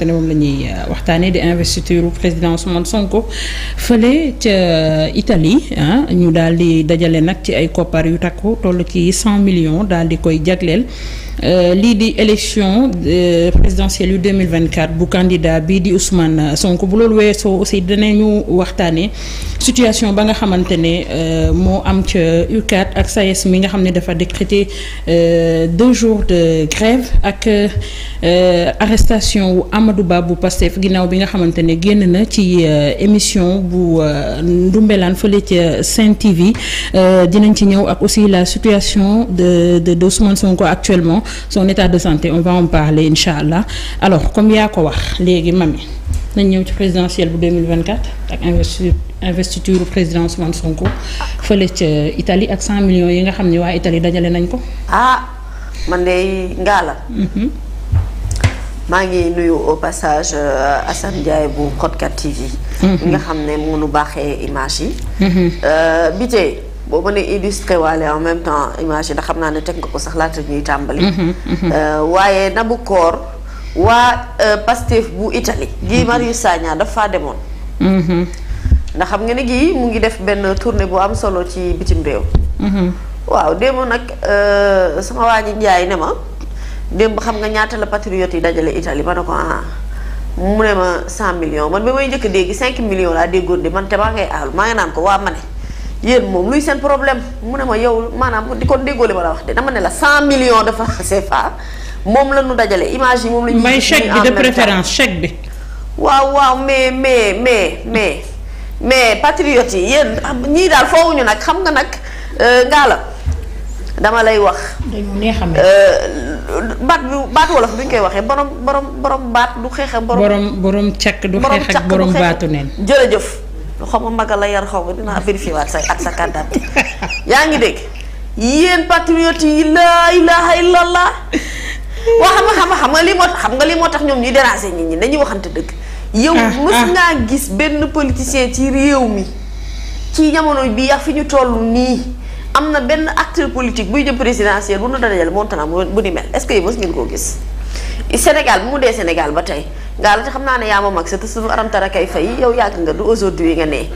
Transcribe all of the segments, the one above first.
te ne moom la ñuy euh, waxtaanee di investiture président Ousmane Sonko fële ca euh, Italie ah, ñu daal di dajale nag ci ay koppar yu takku toll ci cent millions daal di koy jagleel. Euh, lii di élection euh, présidentielle yu 2024 bu candidat bii di Ousmane Sonko bu loolu weesoo aussi danañu waxtaanee situation ba nga xamante ne euh, moo am ca UCAD ak SAES e mi nga xam ne dafa décrété deux jours de grève ak arrestation wu Amadou Ba bu Pastef ginnaaw bi nga xamante ne génn na ci émission bu Ndumbelaan fële ca Sen TV dinañ ci ñëw ak aussi la situation de de Ousmane Sonko actuellement. son état de santé on va en parler incha allah alors comme yaa ko wax léegi mami nañ ñëw ci présidentielle bu 2024 ak investiture investiture président Ousmane Sonko fële ca Italie ak 100 millions yi nga xam ne waa Italie dajale nañ ko. ah man de Ngalla. Mhm. maa ngi nuyu au passage euh, Assane Ndiaye bu Codcat yi mhm. nga xam ne mënu baaxee image yi. Mhm. Euh, bi boo mënee illustré waale en même temps image yi ndax xam naa ne teg nga ko sax laata ñuy tàmbali. Mm-hmm, mm-hmm. Euh, waaye nabu koor waa euh, Pastef bu Italie. Guy mm-hmm. Marius Sagna dafa faa demoon. ndax xam nga ne gii mu ngi def benn tournée bu am solo ci bitim réew. waaw démb nag euh, sama waa ji Njaay ne ma démb xam nga ñaata la patriote yi dajale Italie ma ne ko ah. mu ne ma 100 millions man bi may njëkk a dégg 5 millions laa déggoon de man te maa ngay aal maa ngi naan ko waa ma yéen moom luy seen problème mu ne ma yow maanaam di ko déggoo li ma la wax de dama ne la cent million de francs CFA moom la ñu dajale image yi moom la ñuy. may chèque bi de préférence chèque bi. waaw waaw mais mais mais mais mais patriotes yi yéen ñii daal foowuñu nag xam nga nag euh, ngaa la dama lay wax. Euh, baat bi baat wolof bi ñu koy waxee borom borom borom baat du xeex ak borom. borom borom càkk du xeex ak borom baatu neen jërëjëf. lu xaw ma maga la yar xaw ma dinaa vérifié waat sa ak sa carte yaa ngi dégg yéen patriotes yi laa ilaha illallah waa xam xam xam nga lii moo tax xam nga lii moo tax ñoom ñuy déranger nit ñi dañuy waxante dëgg yow ah, mës ah. ngaa gis benn politicien ci réew mi ci jamono bi ak fi ñu toll nii am na benn acteur politique buy jëm présidentiel bu nu dajale moom bu ni mel est-ce que yow mës ngeen koo gis Sénégal bu mu dee Sénégal ba tey ngaa la te xam naa ne yaa ma mag sa te suñu aramtara kay fay yow yàgg nga du aujourd'hui yi nga nee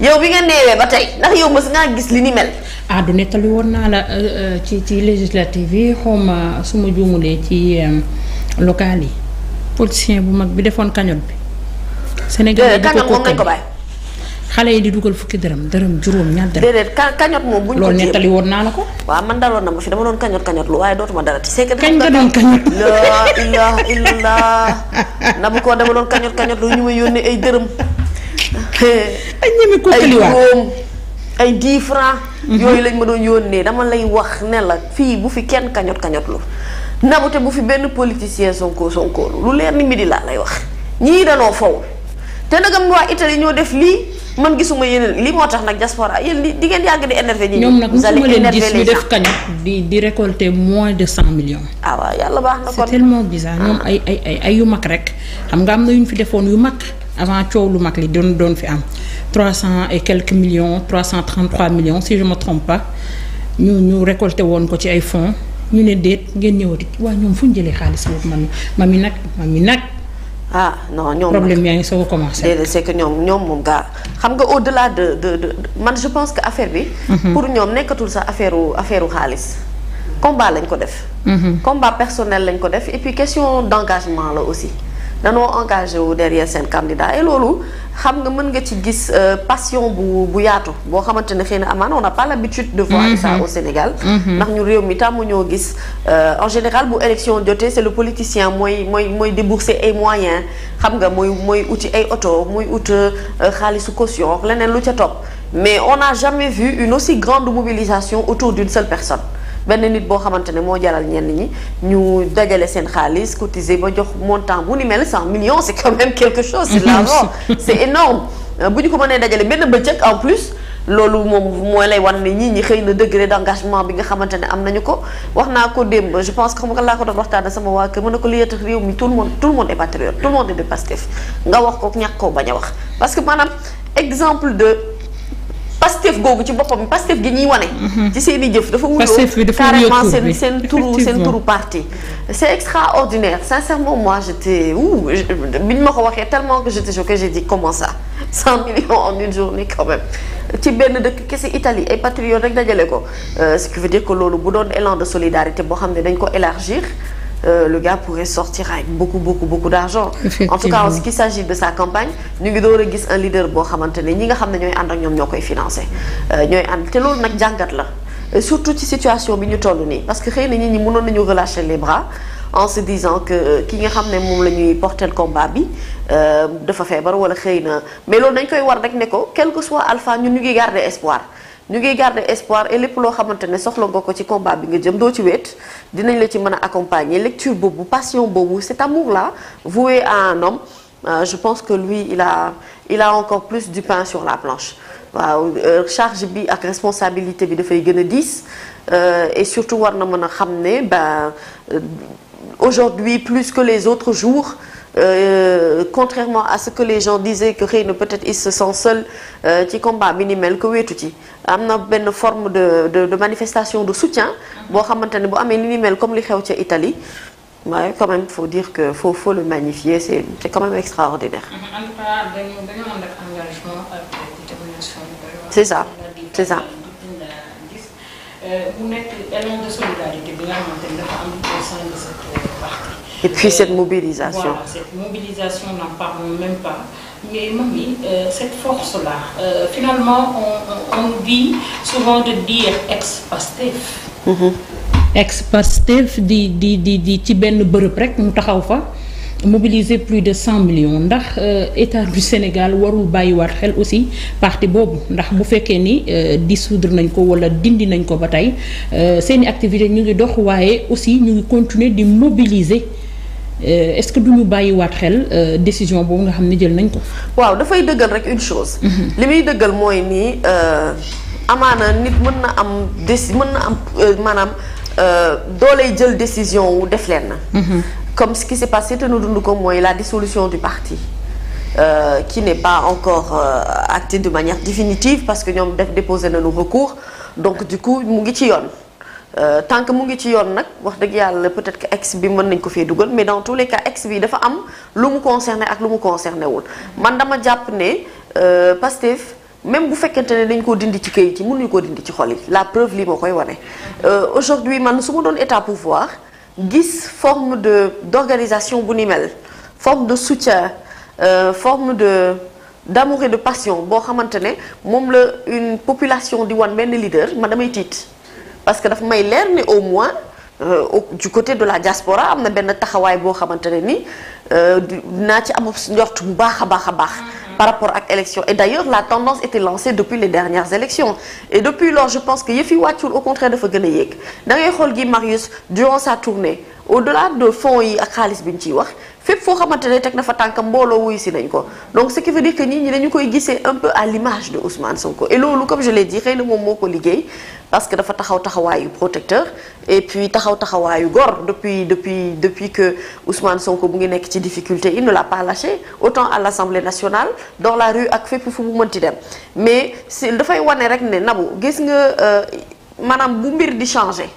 yow bi nga neewee ba tey ndax yow mës ngaa gis li ni mel adduna ah, du nettali woon naa la euh, euh, ci ci législative yi xawma su ma juumulee ci euh, local yi politicien bu mag bi defoon kañot bi Sénégal yi di ko ko bàyyi xale yi di dugal fukki dërëm dërëm juróom ñaar dërëm. déedéet ka kañot moom bu ñu ko loolu nettali woon naa la ko. waaw man daloon na ma fi dama doon kañot kañot lu ñu ma yónnee ay dërëm. ay ñeme ko kaliwaat ay juróom mhm. yooyu lañ ma doon yónnee dama lay wax ne la fii bu fi kenn kañot kañot lu. nabu te bu fi benn politicien sonko sonko lu leer ni di laa lay wax ñii danoo fow te nagam waa Italie ñoo def lii man gisuma yeneen li moo tax nag diaspora yéen li di ngeen yàgg di énervé ñi ñoom nag mosuma leen gis ñu def cagnotte di di récolter moins de cent millions ah waaw yàlla baax na kon c'est tellement bizarre ñoom ah. ay ay ay yu mag rek xam nga am na yu ñu fi defoon yu mag avant coow lu mag li doon doon fi am trois cent et quelques millions trois cent trente trois million si je ma trompe pas ñu ñu récolté woon ko ci ay fonds ñu ne déet ngeen ñëwati waa ñoom fu ñu jëlee xaalis boobu ma mi nag ma mi nag ah non ñoom problème yaa ngi soog a commencé. déedéet c'est que ñoom ñoom moom gaa xam nga au delà de de de man je pense que affaire bi. Mhm. pour ñoom nekkatul sa affaire affaire xaalis. combat lañ ko def. Mhm. combat personnel lañ ko def et puis question d'engagement la aussi. danoo engagé wu derrière seen candidat et loolu xam nga mën nga ci gis euh, passion bu bu yaatu boo xamante ne xëy na amaan on n'a pas l'habitude de voir ça mm-hmm. au Sénégal mm-hmm. ndax ñu réew mi tàmm ñoo gis euh, en général bu élection jotee c'est le politicien mooy mooy mooy débourser ay moyens xam nga mooy mooy uti ay oto mooy ut euh, xaalisu caution leneen lu ca topp mais on n'a jamais vu une aussi grande mobilisation autour d'une seule personne benn nit boo xamante ne moo jaral ñenn ñi ñu dajale seen xaalis cotiser ba jox montant bu ni mel cent millions c'est quand même quelque chose c'est de l'argent c'est énorme euh, bu ñu ko mënee dajale benn bëccëg en plus loolu moom mooy lay wan ne ñii ñi xëy na degré d'engagement bi nga xamante ne am nañu ko wax naa ko démb je pense que xam laa ko doon waxtaanee sama waa kër mën na ko liy yëkkati réew tout le monde tout le monde est patriote tout le monde est de wax a wax parce pastef googu ci boppam pastef gi ñuy wane. Mhm. ci seen i jëf dafa wuyoo carrément seen seen turu seen turu parti. c'est extraordinaire sincèrement moi j'étais ouh bi ñu ma ko waxee tellement que j'étais choquée j'ai dit comment ça 100 millions en une journée quand même. ci benn dëkk kese Italie ay patriotes rek dajale ko euh, ce qui veut dire que loolu bu doon élan de solidarité boo xam ne dañ ko élargir. Euh, le gars pourrait sortir avec beaucoup beaucoup beaucoup d'argent en tout cas en ce qui s'agit de sa campagne ñu ngi door a gis un leader boo xamante ne ñi nga xam ne ñooy ànd ak ñoom ñoo koy financé euh, ñooy ànd te loolu nag jàngat la euh, surtout ci situation bi ñu toll nii parce que xëy na nit ñi mënoon nañu relâcher les bras en se disant que euh, ki nga xam ne moom la ñuy porter combat bi dafa feebar wala xëy na mais loolu dañ koy war rek ne ko quel que soit alpha ñun ñu ngi garder espoir ñu ngi garder espoir et lépp loo xamante ne soxla nga ko ci combat bi nga jëm doo ci wéet dinañ la ci mën a accompagner lecture boobu passion boobu cet amour la voué à un homme euh, je pense que lui il a il a encore plus du pain sur la planche waaw euh, charge bi ak responsabilité bi dafay gën a diis euh, et surtout war na mën a xam ne ba aujourd'hui plus que les autres jours euh, contrairement à ce que les gens disaient que xëy na peut-être ils se sentent seuls euh, ci combat bi ni mel que wéetu ci am na benn forme de de de manifestation de soutien boo xamante ne bu amee li comme li xew ca Italie waaye quand même faut dire que faut le magnifier c'est quand même extraordinaire. c'est ça euh, et puis cette mobilisation. Voilà, cette mobilisation, même pas. Mais mamie, euh, cette force-là, euh, finalement, on, on, souvent de dire mm-hmm. ex-Pastef. di di di di ci benn bërëb rek mu taxaw fa mobiliser plus de cent million ndax euh, état du Sénégal warul bàyyiwaat xel aussi parti boobu ndax bu fekkee ni euh, dissoudre nañ ko wala dindi nañ ko ba tey seeni activité ñu ngi dox waaye aussi ñu ngi continuer di mobiliser. Euh, est-ce que du ñu bàyyiwaat xel euh, décision boobu nga xam ne jël nañ ko. waaw dafay dëggal rek une chose. Mm-hmm. li muy dëggal mooy nii euh, amaana nit mën na am déci mën na am maanaam dooley jël décision wu def leen na. Mm-hmm. comme ce qui s'est passé te nu dund ko mooy la dissolution du parti. Euh, qui ne pas encore euh, acté de manière définitive parce que ñoom def déposé nañu recours donc du coup mu ngi ci yoon. Euh, tant que mu ngi ci yoon nag wax dëgg yàlla peut-être que ex bi mën nañ ko fee dugal mais dans tous les cas ex bi dafa am lu mu concerné ak lu mu concerné wul man dama jàpp ne euh, Pastef même bu fekkente ne dañ koo dindi ci kayit yi mun mënuñu koo dindi ci xol yi la preuve lii moo koy wane. Euh, aujourd'hui man su ma doon état pouvoir gis forme de d'organisation bu ni mel forme de soutien euh, forme de d'amour de passion boo xamante ne moom la une population di wan benn leader man damay tiit. parce que dafa may leer ni au moins euh, du côté de la diaspora am na benn taxawaay boo xamante ne ni euh, naa ci am njort bu baax a baax a baax. Mhm. par rapport ak élection et d'ailleurs la tendance était lancée depuis les dernières élections et depuis lors je pense que yëf yi wàccul au contraire dafa gën a yéeg dangay xool gi Marius durant sa tournée au-delà de fonds yi ak xaalis bi ñu ciy wax. fépp foo xamante ne teg na fa tànk mbooloo wuyu si nañ ko donc ce qui veut dire que nit ñi dañu koy gisee un peu à l'image de Ousmane Sonko et loolu comme je l'ai dit xëy na moom moo ko liggéey parce que dafa taxaw taxawaayu protecteur et puis taxaw taxawaayu góor depuis depuis depuis que Ousmane Sonko bu ngi nekk ci difficulté il ne l'a pas lâché autant à l'Assemblée nationale dans la rue ak fépp fu mu mënti dem mais si dafay wane rek ne nabu gis nga euh, maanaam mbir di changer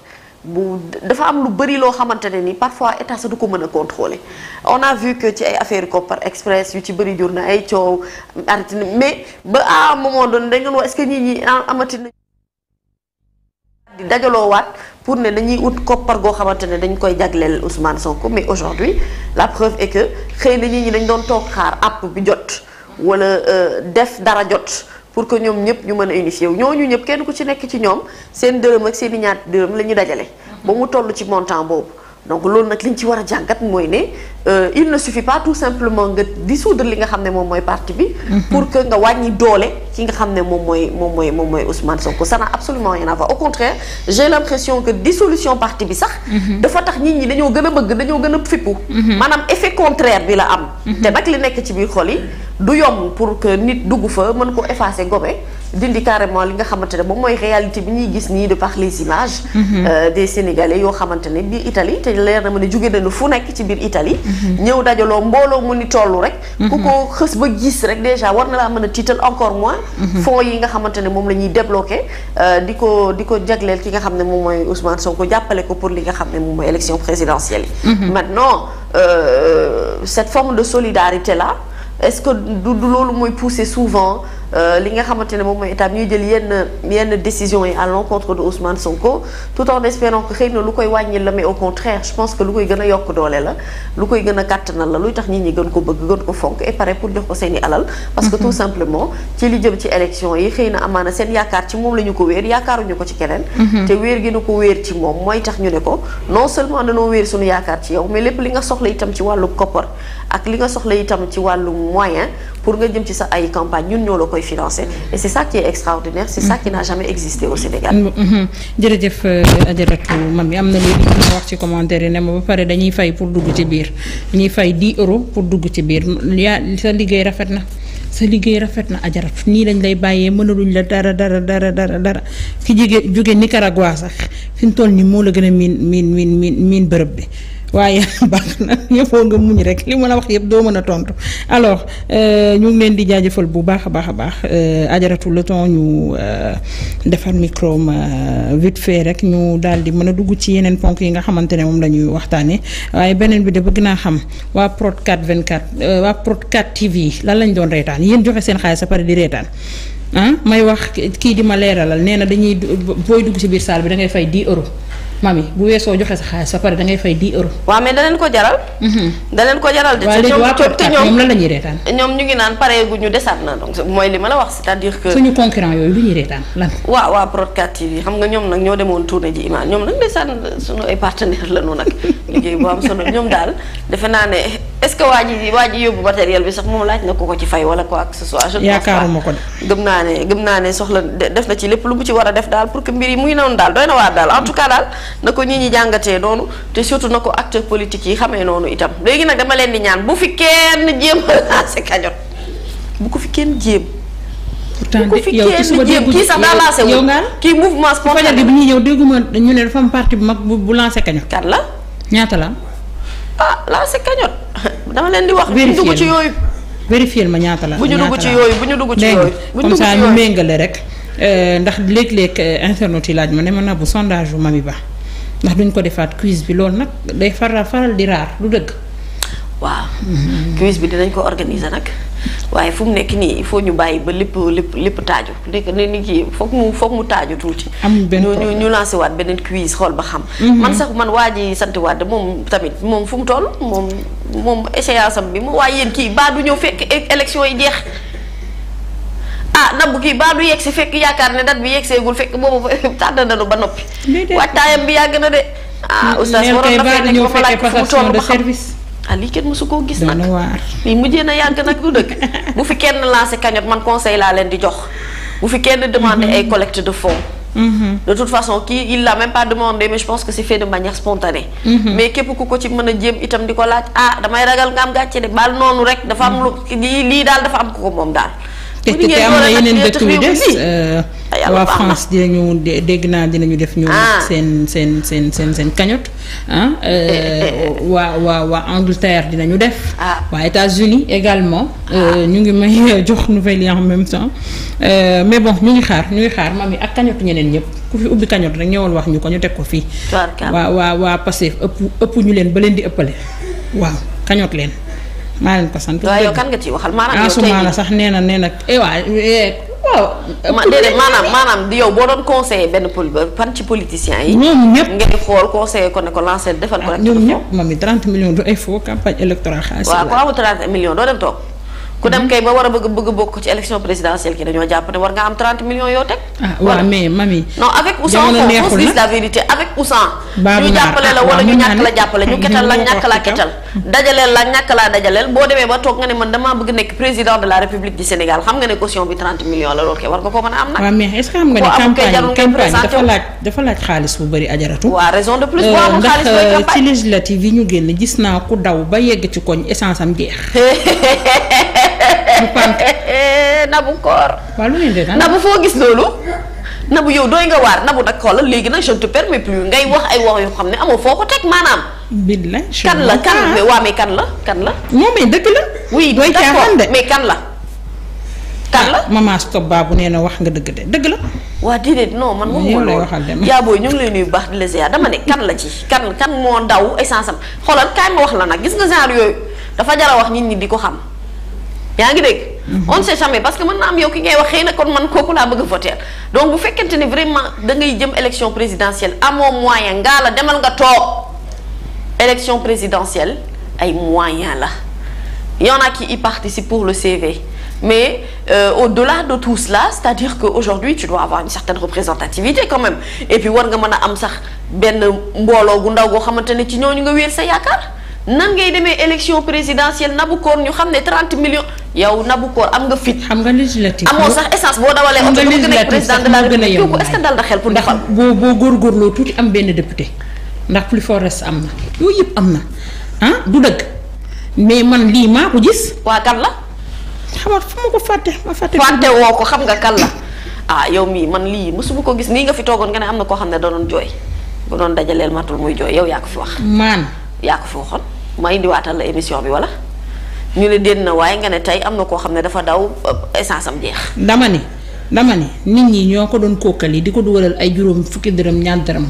bu dafa am lu bëri loo xamante ne ni parfois état sa du ko mën a contrôler on a vu que ci ay affaire Kopar Express yu ci bëri jur na ay coow arrêté na mais ba à un moment donné da ngeen wax est-ce que nit ñi amati na di dajaloowaat pour ne dañuy ut koppar goo xamante ne dañ koy jagleel Ousmane Sonko mais aujourd'hui la preuve est que xëy na nit ñi dañ doon toog xaar app bi jot wala euh, def dara jot pour que ñoom ñëpp ñu mën a unifié wu ñooñu ñëpp kenn ku ci nekk ci ñoom seen dërëm ak seen i dërëm la ñu dajale. ba mu toll ci montant boobu. donc loolu nag li ñu ci war a jàngat mooy ne euh, il ne suffit pas tout nga li nga xam ne moom mooy parti bi. Mm-hmm. pour que nga wàññi doole ki nga xam ne moom mooy moom mooy moom mooy Ousmane Sonko ça n'a absolument rien à voir au contraire j'ai l'impression que dissolution parti bi sax. Mm-hmm. dafa tax nit ñi dañoo gën a bëgg dañoo gën a fippu. Mm-hmm. maanaam effet contraire bi la am. te nag li nekk ci biir xol yi. du yomb pour que nit dugg fa mën ko effacer gobe dindi carrément li nga xamante ne moom mooy réalité bi ñuy gis nii de par les images. Mhm. Euh, des yoo xamante ne biir Italie te leer na ma ne jóge nañu fu nekk ci biir Italie. Mhm. ñëw dajaloo mbooloo mu ni toll rek. ku mhm. ko xës ba gis rek déjà war na laa mën a tiital encore moins. fonds yi nga xamante ne moom la ñuy débloqué euh, di ko di ko jagleel ki nga xam ne moom mooy soo ko jàppale ko pour li nga xam ne moom mooy élection présidentielle yi. maintenant euh, cette forme de solidarité là. est-ce que du loolu mooy pousser souvent Euh, li nga xamante ne moom mooy étape ñuy jël yenn yenn décision yi à l'encontre de Ousmane Sonko tout en espérant que xëy na lu koy wàññi la mais au contraire je pense que lu koy gën a yokk doole la lu koy gën a kàttanal la luy tax nit ñi gën ko bëgg gën ko fonk et pare pour jox ko seen i alal parce que mhm. tout simplement ci li jëm ci élection yi xëy na amaana seen yaakaar ci moom la ko wéer yaakaaruñu ko ci keneen mhm. te wéer gi nu ko wéer ci moom mooy tax ñu ne pour nga jëm ci sa ay campagne ñun ñoo la koy financer et c'est ça qui est extraordinaire c'est ça qui n'a jamais existé au Sénégal. Mm-hmm. Mm-hmm. jërëjëf mam euh, Mamy am na léegi ñu wax ci commentaire yi ne ma ba pare dañuy fay pour dugg ci biir ñuy fay 10 euros pour dugg ci biir yaa sa liggéey rafet na. sa liggéey rafet na ajarat nii lañ lay bàyyee mënaluñ la dara dara dara dara dara ki jóge jóge Nicaragua sax fi mu toll nii moo la gën a miin miin miin miin miin bërëb bi waaye baax na ñëppoo nga muñ rek li mën a wax yëpp doo mën a tontu alors euh, ñu ngi leen di jaajëfal bu baax a baax a baax euh, ajaratu le temps ñu euh, defar micro ma vite fait rek ñu daal di mën a dugg ci yeneen ponk yi nga xamante ne moom la ñuy waxtaanee waaye beneen bi de bëgg naa xam waa Prod vingt 24 waa Prod 4 TV lan lañ doon reetaan yéen joxe seen xaalis sa pare di reetaan. ah may wax kii di ma leeralal nee na dañuy booy dugg ci biir saal bi dangay ngay fay 10 euros mami bu weesoo joxe sa xaalis ba pare da fay 10 euros. waaw mais da ko jaral. Mhm. da ko jaral de. te ñoom la ñuy reetaan. ñoom ñu ngi naan pareeguñu desaat na donc mooy li ma la wax c'est-à-dire que. xam nga ñoom nag ñoo demoon tournée ji Iman ñoom lañu defe naa ne est-ce que waa ji waa ji yóbbu matériel bi sax moom laaj na ko ko ci fay wala quoi que ce soit. yaakaaruma ko gëm naa ne gëm naa ne soxla def na ci lépp lu mu ci war a def daal pour que mbir na ko nit ñi jàngatee noonu te surtout na ko acteur politique yi xamee noonu itam léegi nag dama leen di ñaan bu fi kenn jéem a lancé cagnotte bu ko fi kenn jéem. pourtant de yow ci suba déggu kii sax daa lancé wu kii mouvement spontané bi ñuy ñëw dégguma ñu ne dafa am parti bu mag bu bu lancé cagnotte. kan la ñaata la. ah lancé cagnotte dama leen di wax. vérifié dugg ci yooyu. vérifié ma ñaata la bu ñu dugg ci yooyu bu ñu dugg ci yooyu. bu ñu dugg ci yooyu comme ça ñu méngale rek. Euh, ndax léeg-léeg euh, internet yi laaj ma ne ma na bu sondage bu Mamy Ba ndax duñ ko defaat quiz bi loolu nag day faral faral di raar du dëgg. waaw. quiz bi dinañ ko organiser nag waaye fu nekk nii il faut ñu bàyyi ba lépp lépp lépp taaju nekk ni ni kii foog mu foog mu taaju tuuti. amul benn ñu ñu lancé waat beneen quiz xool ba xam. Mhm. man sax man waa ji sant waat moom tamit moom fu mu toll moom moom échéance am bi moom waaye yéen kii baa du ñëw fekk e-, élection yi jeex. ah nabu kii baa du yegg fekk yaakaar ne dat bi yegg seegul fekk boobu tànn nañu ba noppi. waajtaayam bi yàgg na de. ah oustaz waroon na fee nekk ba ko mu toll ba xam ah, nag lii mujjee bu fi kenn lancé cagnotte man conseil laa leen di jox bu fi kenn demandé mm-hmm. ay collecte de fonds mm-hmm. de toute kii il l'a même pas demandé mais je mm-hmm. ku ko ci mën a jéem itam di ko laaj ah damay ragal nga am gàcce de baal noonu rek dafa am lu lii daal dafa am ko ko moom daal te te am na yeneen dëkk yu des euh, ah, waa France dinañu dégg naa dinañu def ñu ah. seen seen seen seen seen cagnotte ah waa waa waa Angleterre dinañu def ah. waa États-Unis également euh, ñu ngi may jox nouvelle yi en même temps mais bon ñu ngi xaar ñu ngi xaar maam yi ak cagnotte ñeneen ñëpp ku fi ubbi cagnotte rek ñëwal wax ñu ko ñu teg ko fii waa waa waa Pastef ëpp ëpp ñu leen ba leen di ëppale waaw cagnotte leen maa leen ko sant. waaw yow kan nga ciy waxal maanaam ah, yow tey jii sax nee na nee na eh waa eh, waaw. ma maanaam maanaam yow boo doon conseil benn poli pan ci politiciens yi. ñoom ñëpp ngay xool conseillé ko ne ko lancé defal ko rek. Ah, ñoom ñëpp moom mi 30 millions du ay faux campagne électorale. xaalis waaw amul 30 millions doo dem toog. ku dem kay ba war a bëgg bëgg bokk ci élection présidentielle ki dañoo jàpp war nga am 30 millions yoo teg. ah mais mami. non avec ou sans on se dit la vérité avec ou sans. ñu jàppale la wala ñu ñàkk la jàppale nga ne man damaa bëgg nga ne caution kay war nga ko am nag. dafa laaj dafa laaj xaalis bu bëri ajaratu. waaw raison de plus boo amul euh, xaalis mooy euh, campagne ci législative yi ñu génn gis naa ku daw ba yegg ci koñ essence am jeex bu pànk eh, nabu koor. waaw lu muy nabu foo gis loolu. nabu yow dooy nga waar nabu nag xoolal léegi nag je ne te permets plus ngay wax ay wax yoo xam ne amoo foo ko teg maanaam. billaay kan la kan la waa mais kan la kan la. moom dëgg la. oui d'accord mais kan la. kan la ah, maman stop baabu nee na wax nga dëgg de dëgg la. waa déedéet non man. moom lay waxal de yaa booy ñu ngi baax di la dama ne kan la ci kan kan moo daw essence am xoolal kaay ma wax la nag gis nga genre yooyu dafa jar wax nit ñi di ko xam. yaa ngi dégg. Mhm. on sait jamais parce que mën na am yow ki ngay wax xëy na kon man kooku laa bëgg a voter donc bu fekkente ni vraiment da ngay jëm élection présidentielle amoo moyen ngaa la demal nga toog élection présidentielle ay moyen la y en a qui y participent pour le CV mais euh, au-delà de tout cela c'est-à-dire que aujourd'hui tu dois avoir une certaine représentativité quand même et puis war nga mën a am sax benn mbooloo gu ndaw goo xamante ne ci ñooñu nga wéer sa yaakaar. nan ngay demee élection présidentielle nabu koor ñu xam ne 30 millions yow nabu koor am nga fit. xam nga législative amoo sax essence boo dawalee. am nga législative sax moo gën a yow est-ce que dal na xel pour defal. boo boo góorgóorloo tuuti am benn député ndax plus fort am na yooyu am na ah du dëgg mais man lii maa ko waa kan la. xamat fu ma ko fàtte ma fàtte. woo ko xam kan la ah yow mii man lii mosuma ko gis nii nga fi toogoon nga ne am na koo xam ne da jooy bu doon dajaleel matul muy jooy yow yaa ko fi wax. maan. yaa foo fi waxoon ma indiwaatal la émission bi wala ñu ne déet na waaye nga ne tey am na koo xam ne dafa daw euh, essence am jeex. dama ni dama ni nit ñi ñoo ko doon kókkali di ko dugalal ay juróom fukki dërëm ñaar dërëm.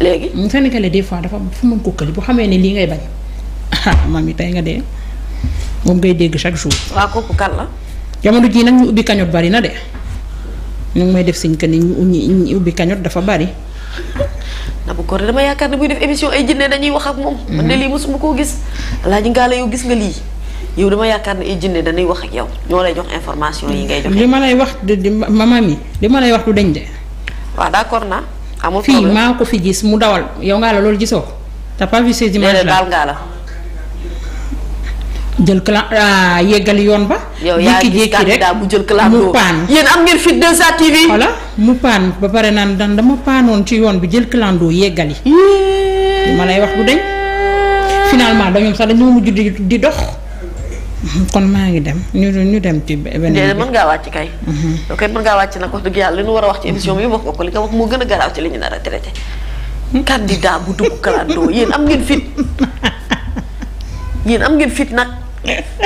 léegi mu Sénégalais des fois dafa fu mën kókkali bu xamee ne lii ngay bañ ah mami tey nga dee moom ngay dégg chaque jour. waa kooku kan la. jamono jii nag ñu ubbi kañot bari na de ñu ngi may def siñ que ni ñu ubbi kañot dafa bari. Nabou Cor dama yaakaar ne buy def émission ay jinne dañuy wax ak moom. man ne mhm. lii mosuma koo gis. Alaaji Ngaale yow gis nga lii yow dama yaakaar ne ay jinne dañuy wax ak yow ñoo lay jox information yi ngay joxe. li ma lay wax ma mama mi li ma lay wax du dañ de. waaw d'accord naa. amul problème fii maa ko fi gis mu dawal yow ngaa la loolu gisoo. t'as pas vu ces images là daal ngaa la. jël clan euh, yeggal yoon ba. yow yaa gis candidat bu jël clan mu paan yéen am ngeen fit 2A TV. voilà mu paan ba pare naan dan dama paanoon ci yoon bi jël clan doo yeggal yi. li ma lay wax bu deñ finalement dañoom sax dañoo mujj di di dox. kon maa ngi dem ñu dem ci beneen bi mën ngaa wàcc kay. Mhm. ok mën ngaa wàcc nag wax dëgg yàlla li ñu war a wax ci émission bi wax nga ko li nga wax moo gën a garaaw ci li ñu nar a traité. Hmm? candidat bu dugg clando yéen am ngeen fit. yéen am ngeen fit nag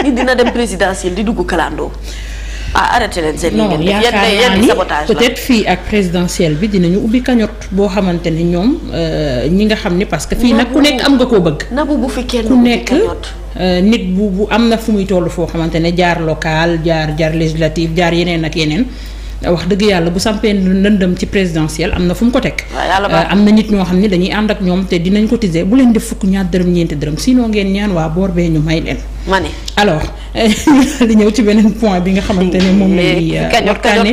nit dina dem présidentielle di dugg kalandoo ah arrêté leen seen. non yaakaar naa sabotage peut fii ak présidentielle bi dinañu ubbi cagnotte boo xamante ne ñoom euh, ñi nga xam ne parce que. fii nag ku nekk am nga koo bëgg. nabu bu fi kenn ku nekk. Euh, nit bu bu am na fu muy toll foo xamante ne jaar local jaar jaar législative jaar yeneen ak yeneen. wax dëgg yàlla bu sampee ndëndëm ci présidentielle am na fu mu ko teg euh, am na nit ñoo xam ne dañuy ànd ak ñoom te dinañ cotiser bu leen def fukk ñaar dërëm ñeenti dërëm sinon ngeen ñaan waa boor bee ñu may leen ma ne alors ñu daal di ñëw ci beneen point bi nga xamante ne moom lay euh, waxtaane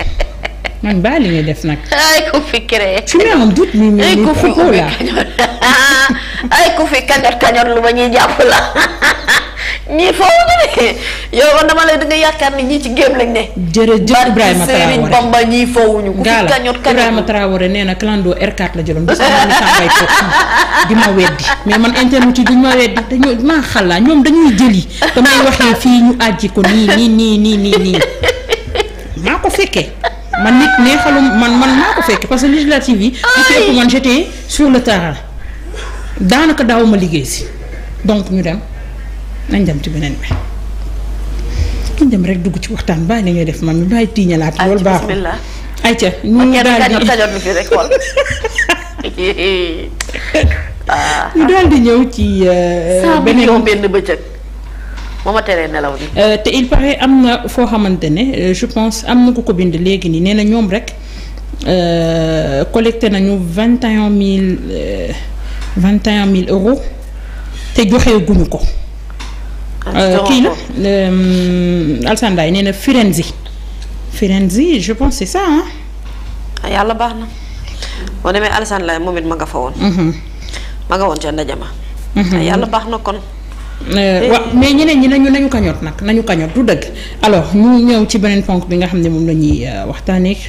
man baa li ngay def nag ay ko fi créé tu mets en doute mi ay ku fi kañor kañor lu ba ñuy jàpp la ñii foofu ñu ne yow dama la da nga yaakaar ni ñii ci géem lañ ne. jërëjëf Ibrahima Traoré Serigne Bamba ñii foowuñu. ku fi kañor kañor Ibrahima Traoré nee na clando R4 la jëloon. bés bu sàmbay toog di ma weddi mais man internet yi duñ ma weddi dañu maa xalaat ñoom dañuy jëli te may waxee fii ñu àjji ko nii nii nii nii nii nii maa ko fekkee. man nit neexalu man man maa ko fekkee parce que législative yi. ay man j'étais sur le terrain. daanaka daawuma liggéey si donc ñu dem nañ dem ci beneen bi nañ dem rek dugg ci waxtaan baax li ngay def man mi bàyyi tiiñalaat loolu baaxul ayca ñu daal di ñu daal di ñëw ci euh, beneen benn bëccëg moo ma teree nelaw bi euh, te il paraît am na foo xamante ne euh, je pense am na ku ko bind léegi nii nee na ñoom rek collecté nañu vingt et un mille vingt et un mille euros te ko. Ah, euh, kii la euh, Alsane Ndiaye nee na Firenze Firenze je pense c'est ça ah, yàlla baax na boo demee Alsane Ndiaye moom it ma nga fa woon. Mm-hmm. ma nga woon ca ndaje ma. Mm-hmm. Ah, yàlla baax na kon. Euh, eh. waaw mais ñeneen ñi nañu nañu kañoot nag nañu kañoot du dëgg alors ñu ñëw ci beneen ponk bi nga xam ne moom la ñuy waxtaanee